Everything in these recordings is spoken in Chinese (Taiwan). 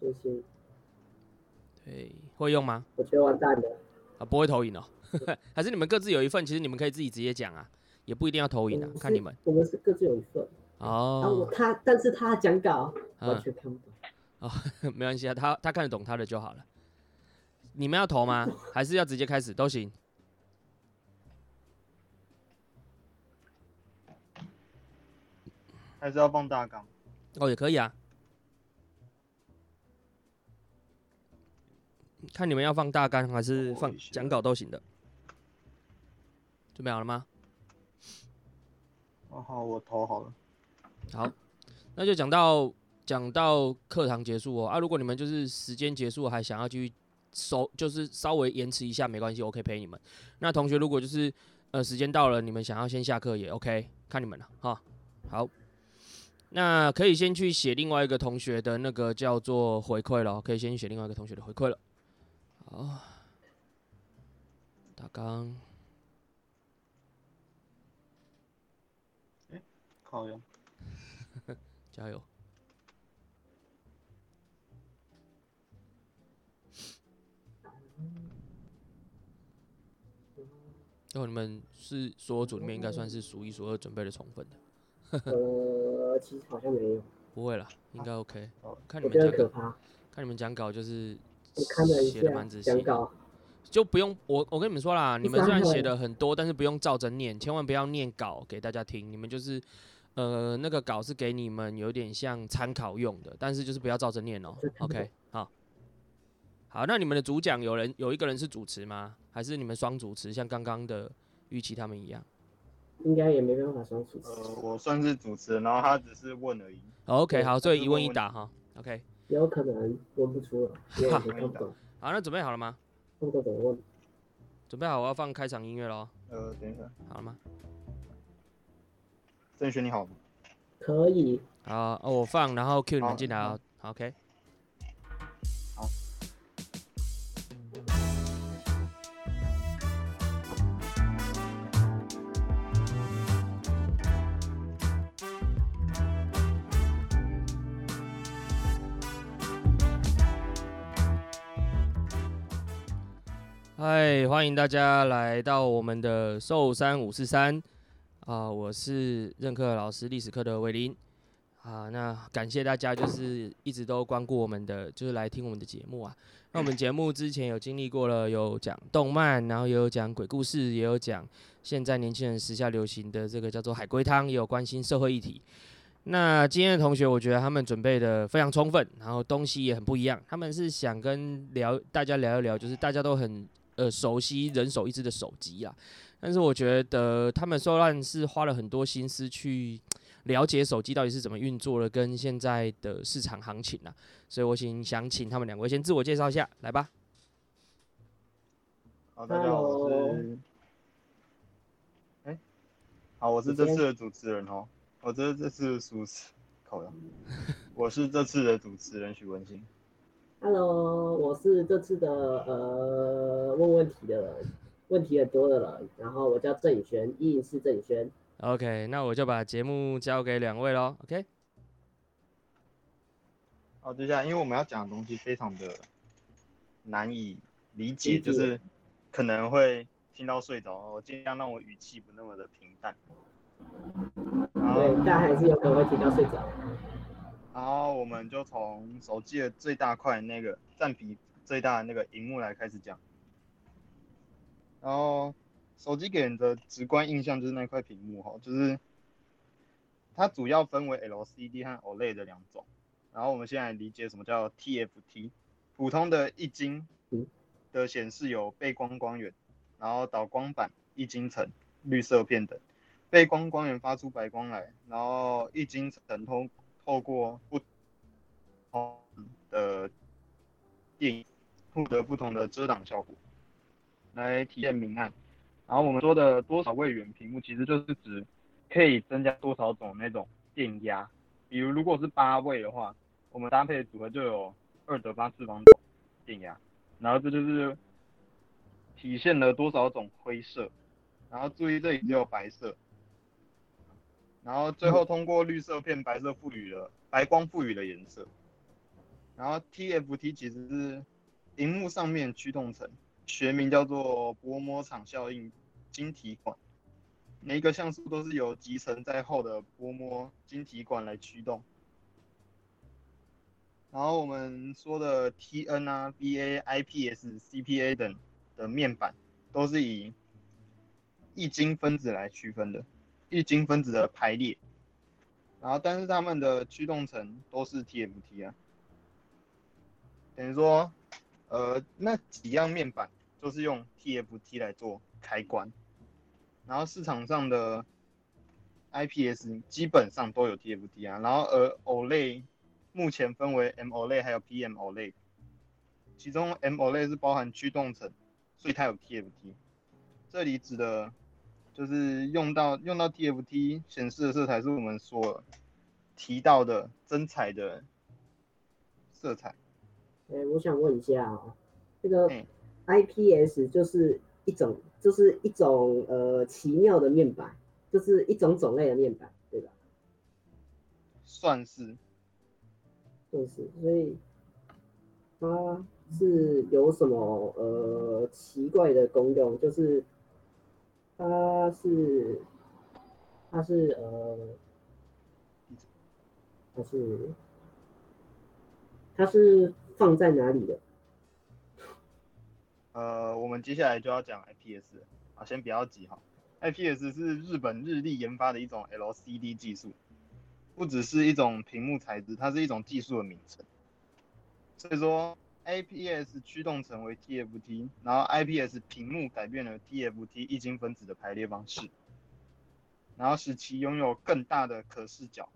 對，會用嗎？我覺得完蛋了，啊，不會投影哦，喔， 還是你們各自有一份，其實你們可以自己直接講啊，也不一定要投影啊，看你們。我們是各自有一份。哦。啊、他，但是他講稿完全看不懂，嗯、哦，啊，沒關係啊，他他看得懂他的就好了。你們要投嗎？ 還是要直接開始都行？還是要放大綱？哦，也可以啊。看你們要放大綱還是放講稿都行的，哦，準備好了嗎？哦，好，我投好了。好，那就講到講到課堂結束哦。啊，如果你們就是時間結束，還想要繼續收，就是稍微延遲一下沒關係，我可以陪你們。那同學如果就是呃時間到了，你們想要先下課也 OK，看你們了哈。好，那可以先去寫另外一個同學的那個叫做回饋了，哦，可以先寫另外一個同學的回饋了。好，大綱。哎、欸，靠！ 加油！加、哦、油！你們是所有組裡面應該算是數一數二準備的充分的、 呃。其實好像沒有。不會了，應該 OK、啊哦。看你們講稿，欸，這，看你們講稿就是。寫的蠻仔細，就不用我我跟你們說啦，你們雖然寫的很多，但是不用照着念，千萬不要念稿給大家聽。你們就是，呃，那個稿是給你們有點像參考用的，但是就是不要照着念哦。OK，好，好，那你們的主講有人有一個人是主持嗎？還是你們雙主持，像剛剛的玉琪，他們一樣？應該也沒辦法雙主持。呃，我算是主持，然後他只是問而已。嗯、OK，好，所以一問一答哈、哦。OK。有可能問不出來， 有可能看不懂。好、 啊，那準備好了嗎？準備好，我要放開場音樂嘍。呃，等一下，好了嗎？鄭軒，你好嗎？可以。好，哦、我放，然後 Q 你們進來，來好好好，OK。對，歡迎大家來到我們的壽山五四三啊！我是任課老師歷史課的偉林啊。那感謝大家，就是一直都光顧我們的，就是來聽我們的節目啊。那我們節目之前有經歷過了，有講動漫，然後也有講鬼故事，也有講現在年輕人時下流行的這個叫做海龜湯，也有關心社會議題。那今天的同學，我覺得他們準備得非常充分，然後東西也很不一樣。他們是想跟聊大家聊一聊，就是大家都很。呃，熟悉人手一支的手機啊，但是我覺得他們雖然是花了很多心思去了解手機到底是怎麼運作的，跟現在的市場行情啊，所以我請想請他們兩位先自我介紹一下，來吧。好，大家好，我是哎、欸，好，我是這次的主持人哦，我這這次疏失，靠了， 我是這次的主持人許文興。Hello，我是這次的呃問問題的人，問題很多的人。然後我叫鄭宇軒，音，音是鄭宇軒。OK，那我就把節目交給兩位嘍。OK。好，就這樣，因為我們要講的東西非常的難以理解，理解，就是可能會聽到睡着。我盡量讓我語氣不那麼的平淡。對，但還是有可能會聽到睡着。然後我們就從手機的最大塊，那個占比最大的那個熒幕來開始講。然後手機給人的直觀印象就是那塊屏幕哈，就是它主要分為 LCD 和 OLED 的兩種。然後我們現在理解什麼叫 TFT，普通的液晶的顯示有背光光源，然後導光板、液晶層、濾色片等，背光光源發出白光來，然後液晶層通。透過不同的電壓，獲得不同的遮擋效果，來體現明暗。然後我們說的多少位元屏幕，其實就是指可以增加多少種那種電壓。比如如果是八位的話，我們搭配的組合就有二的八次方種電壓。然後這就是體現了多少種灰色。然後注意這裡只有白色。然後最後通過綠色片白色，賦予了白光，賦予了顏色。然後 TFT 其實是，熒幕上面驅動層，學名叫做薄膜場效應晶體管，每一個像素都是由集成在後的薄膜晶體管來驅動。然後我們說的 TN 啊、VA、IPS、CPA 等的面板都是以液晶分子來區分的。液晶分子的排列，然後但是它們的驅動層都是 TFT 啊，等於說，呃，那幾樣面板都是用 TFT 來做開關，然後市場上的 IPS 基本上都有 TFT 啊，然後而 OLED 目前分為 MOLED 還有 PMOLED，其中 MOLED 是包含驅動層，所以它有 TFT，這裡指的。就是用到用到 TFT 顯示的色彩，是我們所提到的真彩的色彩。哎、欸，我想問一下哦，這個 IPS 就是一種，就是一種呃奇妙的面板，就是一種種類的面板，對吧？算是，算是、就是。所以，它是有什麼呃奇怪的功用？就是。它是，它是呃，他是，它是放在哪裡的？呃，我們接下來就要講 IPS 啊，先不要急哈，哦。IPS 是日本日立研發的一種 LCD 技術，不只是一種屏幕材質，它是一種技術的名稱。所以說。IPS 驅動成為 TFT，然後 IPS 屏幕改變了 TFT 液晶分子的排列方式，然後使其擁有更大的可視角，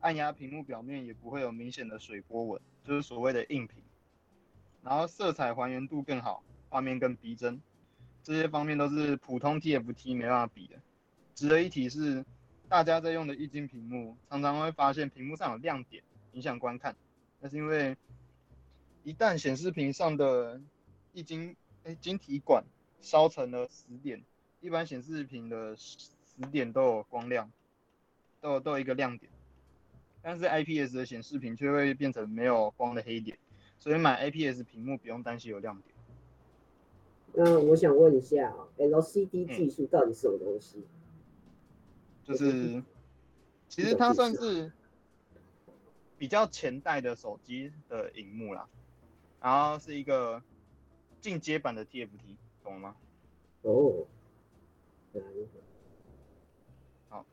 按壓屏幕表面也不會有明顯的水波紋，就是所謂的硬屏，然後色彩還原度更好，畫面更逼真，這些方面都是普通 TFT 沒辦法比的。值得一提是，大家在用的液晶屏幕常常會發現屏幕上有亮點，影響觀看，那是因為。一旦顯示屏上的一晶哎、欸、晶體管燒成了死點，一般顯示屏的死點都有光亮，都有都有一個亮點，但是 IPS 的顯示屏卻會變成沒有光的黑點，所以買 IPS 屏幕不用擔心有亮點。那我想問一下，LCD 技術到底是什麼東西、嗯？就是，其實它算是比較前代的手機的熒幕啦。然後是一個進階版的 TFT，懂了嗎？哦、oh. oh.，好。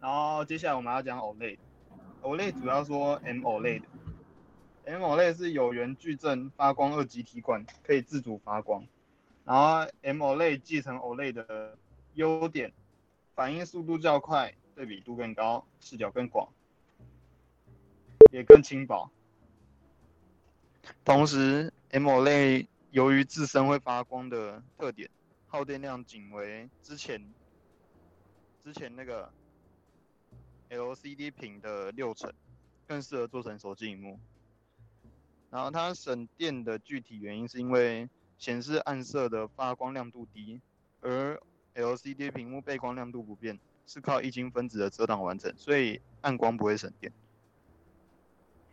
然後接下來我們要講 OLED，OLED 主要說 M OLED 的，M OLED 是有源矩陣發光二極體管，可以自主發光。然後 M OLED 繼承 OLED 的優點，反應速度較快，對比度更高，視角更廣，也更輕薄。同時，AMOLED 由於自身會發光的特點，耗電量僅為之前之前那個 L C D 屏的六成，更適合做成手機熒幕。然後它省電的具體原因是因為顯示暗色的發光亮度低，而 L C D 屏幕背光亮度不變，是靠液晶分子的遮擋完成，所以暗光不會省電。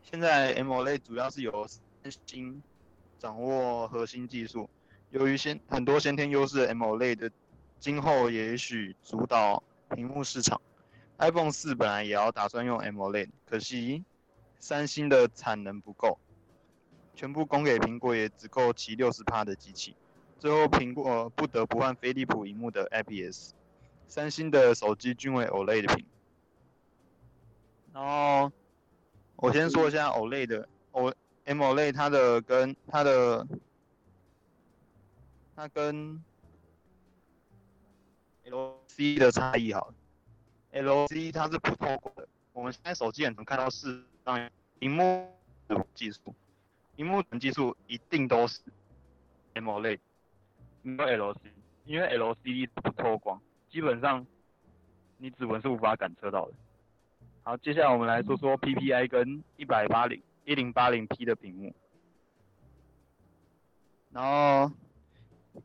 現在 AMOLED 主要是由三星掌握核心技術，由於先很多先天優勢，AMOLED 今後也許主導屏幕市場。iPhone 4本來也要打算用 AMOLED，可惜三星的產能不夠，全部供給蘋果也只夠其六十趴的機器，最後蘋果、呃、不得不換飛利浦屏幕的 I P S。三星的手機均為 OLED 屏。然後我先說一下 OLED OLED 的 O。AMOLED 它的跟它的，它跟 LCD 的差異好，LCD 它是不透光的，我們現在手機也能看到是當熒幕的技術，熒幕的技術一定都是 AMOLED，沒有 LCD，因為 LCD 不透光，基本上你指紋是無法感測到的。好，接下來我們來說說 PPI 跟一百八零。一零八零 P 的屏幕，然後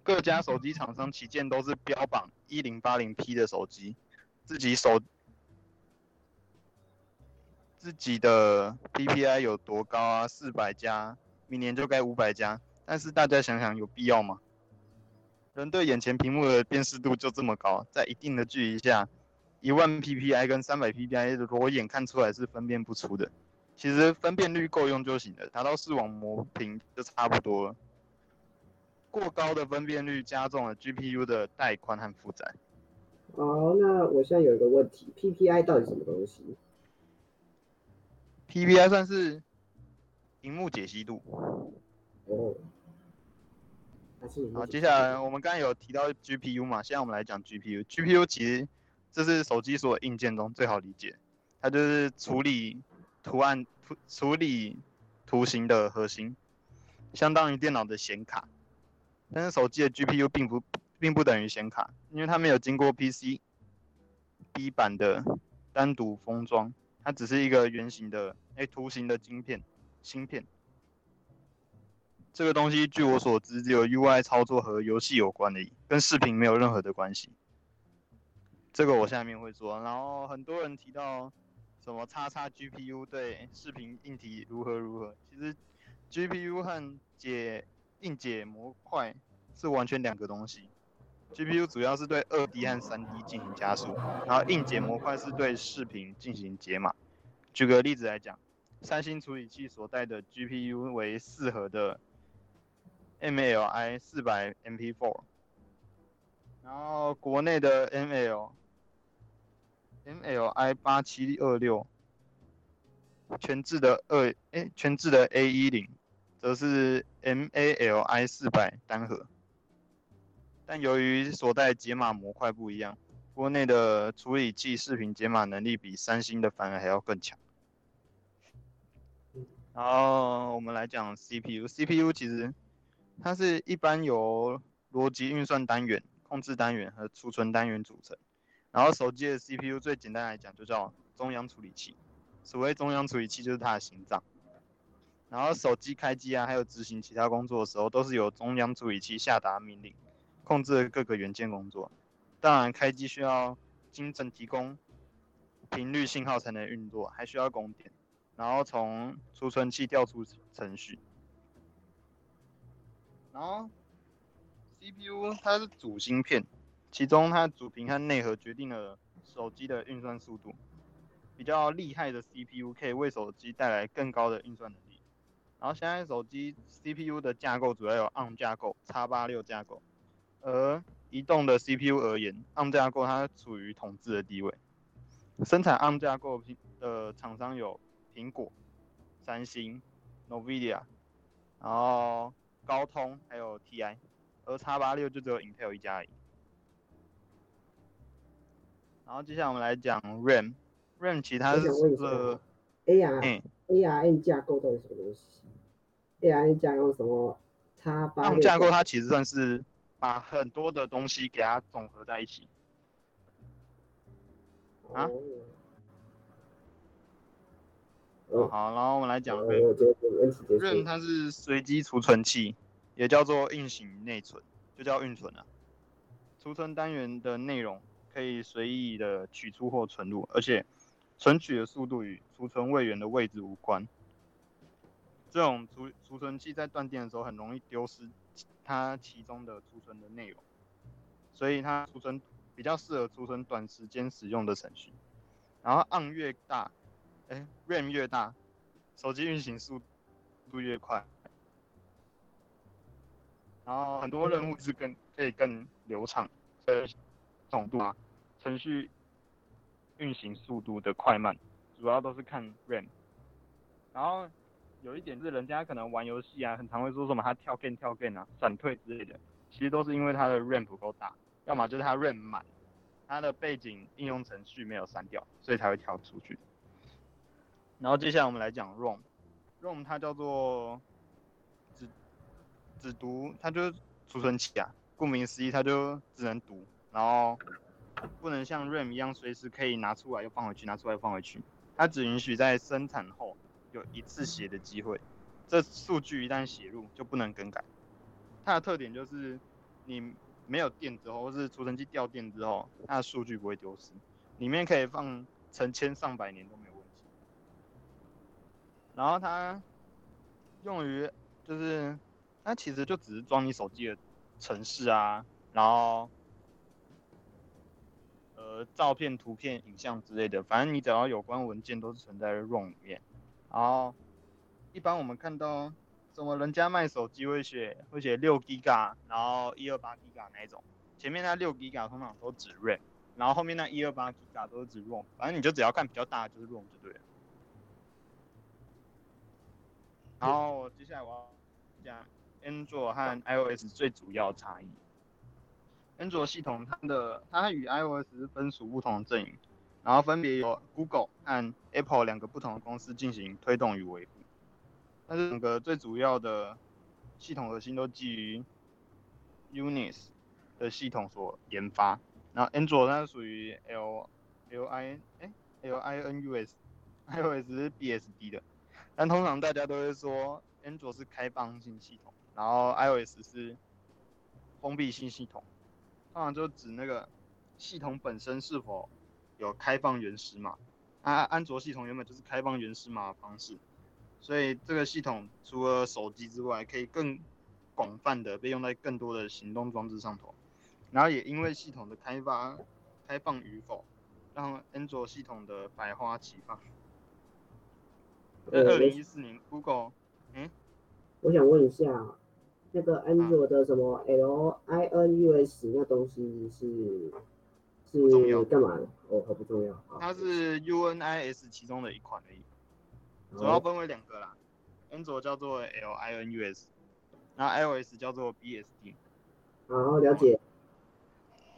各家手機廠商旗艦都是標榜一零八零 P 的手機，自己手自己的 PPI 有多高啊？四百加，明年就該五百加。但是大家想想，有必要嗎？人對眼前屏幕的辨識度就這麼高，在一定的距離下，一萬 PPI 跟三百 PPI 的裸眼看出來是分辨不出的。其實分辨率夠用就行了，達到視網膜屏就差不多了。過高的分辨率加重了 GPU 的帶寬和負載。好、oh，那我現在有一個問題，PPI 到底什麼東西？PPI 算是螢幕解析度。哦、oh，還是好。好，接下來我們剛剛有提到 GPU 嘛？現在我們來講 GPU。GPU 其實這是手機所有硬件中最好理解，它就是處理、嗯。圖案處處理圖形的核心，相當於電腦的顯卡，但是手機的 GPU 並不並不等於顯卡，因為它沒有經過 PCB 板的單獨封裝，它只是一個圓形的誒、欸、圖形的晶片芯片。這個東西據我所知只有 UI 操作和遊戲有關的，跟視頻沒有任何的關係。這個我下面會說。然後很多人提到。什麼叉叉 GPU 對視頻硬體如何如何？其實 GPU 和解硬解模塊是完全兩個東西。GPU 主要是對 2D 和 3D 進行加速，然後硬解模塊是對視頻進行解碼。舉個例子來講，三星處理器所帶的 GPU 為四核的 Mali-400 MP4，然後國內的 Mali M L I 八七二六，全志的二，哎，全志的 A 一零則是 M A L I 四百單核，但由於所帶解碼模塊不一樣，國內的處理器視頻解碼能力比三星的反而還要更強。然後我們來講 C P U，C P U 其實它是一般由邏輯運算單元、控制單元和儲存單元組成。然後手機的 CPU 最簡單來講就叫中央處理器，所謂中央處理器就是它的心臟。然後手機開機啊，還有執行其他工作的時候，都是由中央處理器下達命令，控制各個元件工作。當然，開機需要精準提供頻率信號才能運作，還需要供電。然後從儲存器調出程序，然後 CPU 它是主芯片。其中，它主頻和內核決定了手機的運算速度。比較厲害的 CPU 可以為手機帶來更高的運算能力。然後，現在手機 CPU 的架構主要有 ARM 架構、X86 架構。而移動的 CPU 而言 ，ARM 架構它處於統治的地位。生產 ARM 架構的廠、呃、商有蘋果、三星、NVIDIA，然後高通還有 TI。而 X86 就只有 Intel 一家而已。然後接下來我們來講 RAM，RAM RAM 其他是、嗯、ARAM 架構到底什麼東西？ARA 架構什麼？它架構它其實算是把很多的東西給它總合在一起。啊？Oh. Oh. 好，然後我們來講 RAM 它是隨機儲存器，也叫做運行內存，就叫運存啊，儲存單元的內容。可以隨意的取出或存入，而且存取的速度與儲存位元的位置無關。這種儲儲存器在斷電的時候很容易丟失它其，其中的儲存的內容，所以它儲存比較適合儲存短時間使用的程序。然後，按越大，哎、欸，RAM 越大，手機運行速速度越快，然後很多任務是更可以更流暢。呃。度啊，程序運行速度的快慢，主要都是看 RAM。然後有一點是，人家可能玩遊戲啊，很常會說什麼他跳 game 跳 game 啊，閃退之類的，其實都是因為他的 RAM 不夠大，要麼就是他 RAM 滿，他的背景應用程序沒有刪掉，所以才會跳出去。然後接下來我們來講 ROM，ROM 它叫做只只讀，它就儲存器啊，顧名思義，它就只能讀。然後不能像 RAM 一樣隨時可以拿出來又放回去，拿出來又放回去。它只允許在生產後有一次寫的機會，這數據一旦寫入就不能更改。它的特點就是，你沒有電之後，或是儲存器掉電之後，它的數據不會丟失，裡面可以放成千上百年都沒有問題。然後它用於就是，它其實就只是裝你手機的程式啊，然後。照片、圖片、影像之類的，反正你只要有關文件都是存在了 ROM 裡面。然後一般我們看到，什麼人家賣手機會寫會寫六 g b 然後一二八 g b 那一種，前面那六 g b 通常都指 r 然後後面那一二八 g b 都是指 ROM，反正你就只要看比較大的就是 ROM 就對了。然後接下來我要講 Android 和 iOS 最主要差異。安卓系統它，它的它與 iOS 分屬不同的陣營，然後分別由 Google 和 Apple 兩個不同的公司進行推動與維護。但是整個最主要的系統核心都基於 Unix 的系統所研發。然後安卓它是屬於 L L I N 哎、欸、L I N U S，iOS 是 BSD 的，但通常大家都會說安卓是開放性系統，然後 iOS 是封閉性系統。啊，就指那個系統本身是否有開放原始碼嘛？安、啊、安卓系統原本就是開放原始碼的方式，所以這個系統除了手機之外，可以更廣泛的被用在更多的行動裝置上頭。然後也因為系統的開發開放與否，讓安卓系統的百花齊放。二零一四年，Google，嗯，我想問一下。那個安卓的什麼 L I N U S 那東西是是幹嘛？哦，不重要。它是 U N I S 其中的一款而已。主要分為兩個啦，嗯、安卓叫做 L I N U S，那 I O S 叫做 B S D。好、哦，了解。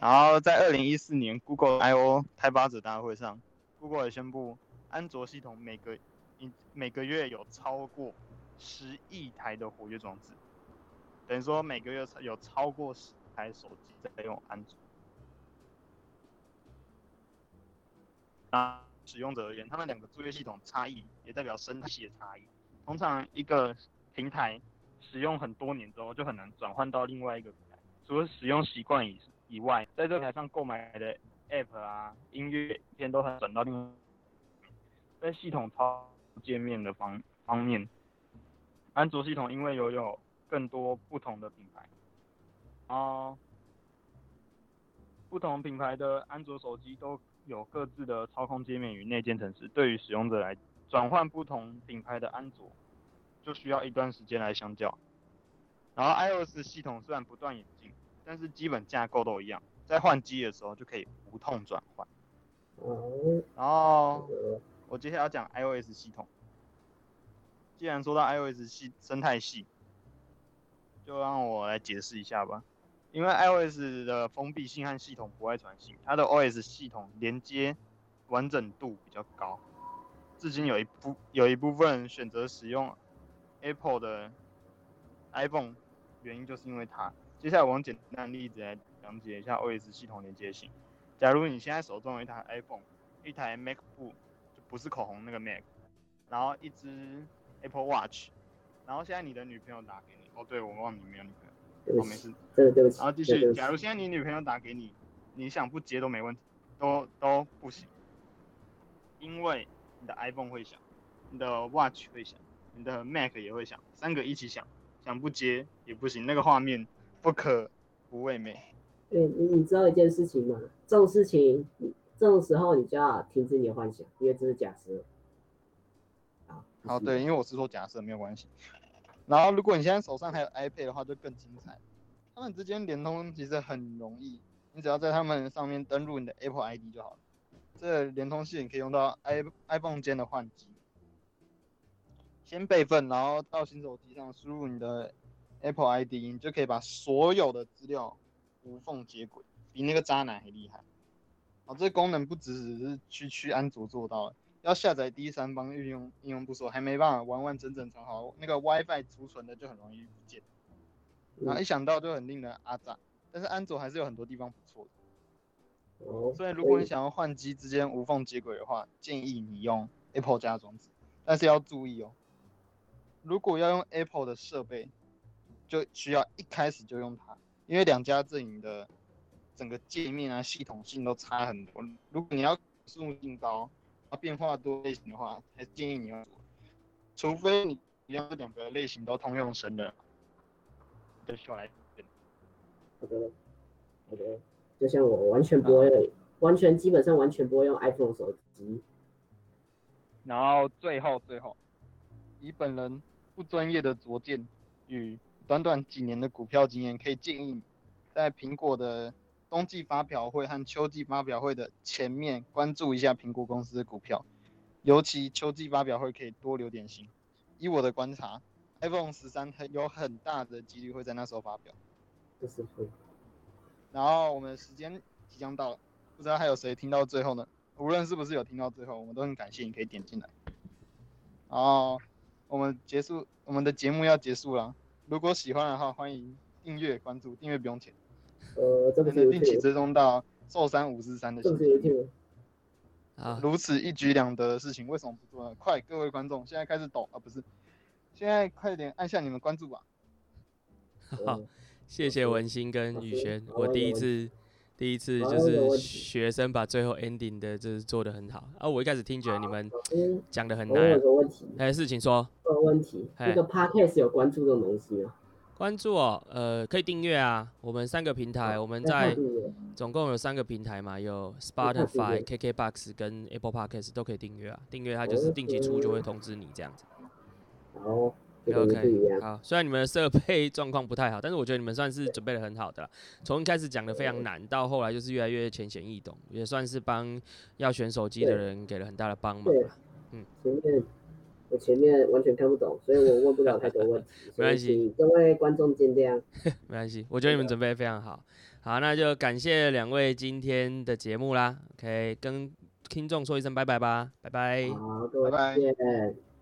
然後在二零一四年 Google I O 開發者大會上，Google 也宣布，安卓系統每個每個月有超過十億台的活躍裝置。等於說每個月有超過十台手機在用安卓。啊，使用者而言，他們兩個作業系統差異，也代表生態系的差異。通常一個平台使用很多年之後，就很難轉換到另外一個平台。除了使用習慣以以外，在這台上購買的 App 啊、音樂影片都很轉到另外一個平台。在系統操作界面的方方面，安卓系統因為有有。更多不同的品牌，啊，不同品牌的安卓手機都有各自的操控界面與內建程式，對於使用者來轉換不同品牌的安卓，就需要一段時間來相較。然後 iOS 系統雖然不斷演進，但是基本架構都一樣，在換機的時候就可以無痛轉換。然後我接下來要講 iOS 系統，既然說到 iOS 系生態系。就讓我來解釋一下吧，因為 iOS 的封閉性和系統不外傳性，它的 OS 系統連接完整度比較高。至今有一部有一部分選擇使用 Apple 的 iPhone，原因就是因為它。接下來我用簡單的例子來講解一下 OS 系統連接性。假如你現在手中有一台 iPhone，一台 MacBook，就不是口紅那個 Mac，然後一只 Apple Watch，然後現在你的女朋友打給你。哦、oh,，對，我忘了。你沒有女朋友，我、oh, 沒事。對，對不起。然後繼續，假如現在你女朋友打給你，你想不接都沒問題，都都不行，因為你的 iPhone 會響，你的 Watch 會響，你的 Mac 也會響，三個一起響，想不接也不行，那個畫面不可不為美。對，你你知道一件事情嗎？這種事情，這種時候你就要停止你的幻想，因為這是假設。好、啊，oh, 對，因為我是說假設，沒有關係。然後，如果你現在手上還有 iPad 的話，就更精彩。他們之間聯通其實很容易，你只要在他們上面登錄你的 Apple ID 就好了。這個、聯通系統可以用到 i iPhone 間的換機，先備份，然後到新手機上輸入你的 Apple ID，你就可以把所有的資料無縫接軌，比那個渣男還厲害。啊、哦，這個、功能不只只是區區安卓做到了。要下載第三方應用，應用不說，還沒辦法完完整整藏好。那個 WiFi 儲存的就很容易不見，然後一想到就很令人阿雜。但是安卓還是有很多地方不錯的，所以如果你想要換機之間無縫接軌的話，建議你用 Apple 加裝置，但是要注意哦。如果要用 Apple 的設備，就需要一開始就用它，因為兩家陣營的整個界面啊、系統性都差很多。如果你要用硬刀。它、啊、變化多類型的話，還建議你用，除非你要這兩個類型都通用神的，都需要來。好、okay. 的，OK，就像我，我完全不會，啊、完全基本上完全不會用 iPhone 手機。然後最後最後，以本人不專業的拙見與短短幾年的股票經驗，可以建議你在蘋果的。冬季發表會和秋季發表會的前面，關注一下蘋果公司的股票，尤其秋季發表會可以多留點心。以我的觀察，iPhone 十三很有很大的幾率會在那時候發表。這是會。然後我們的時間即將到了，不知道還有誰聽到最後呢？無論是不是有聽到最後，我們都很感謝你可以點進來。然後我們結束，我們的節目要結束了。如果喜歡的話，歡迎訂閱關注，訂閱不用錢。呃，這個的一起追蹤到壽山五十三的情，事啊，啊，如此一舉兩得的事情，為什麼不做呢？快，各位觀眾，現在開始懂啊，不是，現在快點按下你們關注吧。嗯、好，謝謝文心跟雨軒，我第一次，第一次就是學生把最後 ending 的就是做的很好啊、哦。我一開始聽覺得你們講的很難，還有事情說。有個問，問題，那、哎哎這個 podcast 有關注這種東西、啊關注我、哦，呃，可以訂閱啊。我們三個平台，我們在總共有三個平台嘛，有 Spotify、KKbox 跟 Apple Podcast 都可以訂閱啊。訂閱它就是定期出就會通知你這樣子。好、這個啊，OK。好，雖然你們的設備狀況不太好，但是我覺得你們算是準備的很好的了。從一開始講的非常難，到後來就是越來越淺顯易懂，也算是幫要選手機的人給了很大的幫忙了。嗯。我前面完全看不懂，所以我問不了太多問題。 沒關係，各位觀眾見諒。 沒關係，我覺得你們準備非常好。好，那就感謝兩位今天的節目啦。OK，跟聽眾說一聲拜拜吧，拜拜。好，各位，拜拜。